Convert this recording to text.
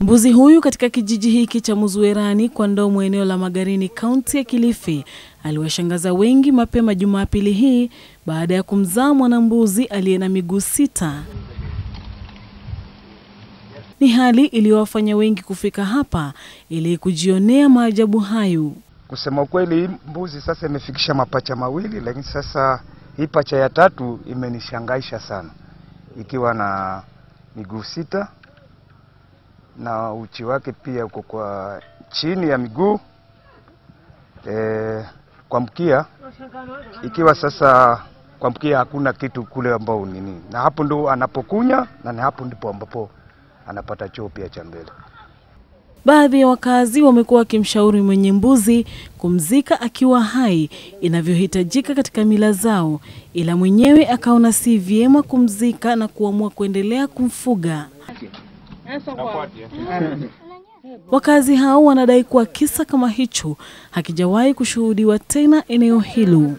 Mbuzi huyu katika kijiji hiki cha Muzuerani kwa Ndomo, eneo la Magarini, kaunti ya Kilifi, aliwashangaza wengi mapema Jumapili hii baada ya kumzaa mwanambuzi aliye na miguu sita. Ni hali iliyowafanya wengi kufika hapa ili kujionea maajabu hayo. Kusema kweli, mbuzi sasa imefikisha mapacha mawili, lakini sasa hii pacha ya tatu imenishangaisha sana, ikiwa na miguu sita na uchi wake pia uko kwa chini ya miguu e, kwa mkia, ikiwa sasa kwa mkia hakuna kitu kule ambao nini, na hapo ndo anapokunya na ni hapo ndipo ambapo anapata choo pia cha mbele. Baadhi ya wakazi wamekuwa wakimshauri mwenye mbuzi kumzika akiwa hai inavyohitajika katika mila zao, ila mwenyewe akaona si vyema kumzika na kuamua kuendelea kumfuga. Wakazi hao wanadai kuwa kisa kama hicho hakijawahi kushuhudiwa tena eneo hilo.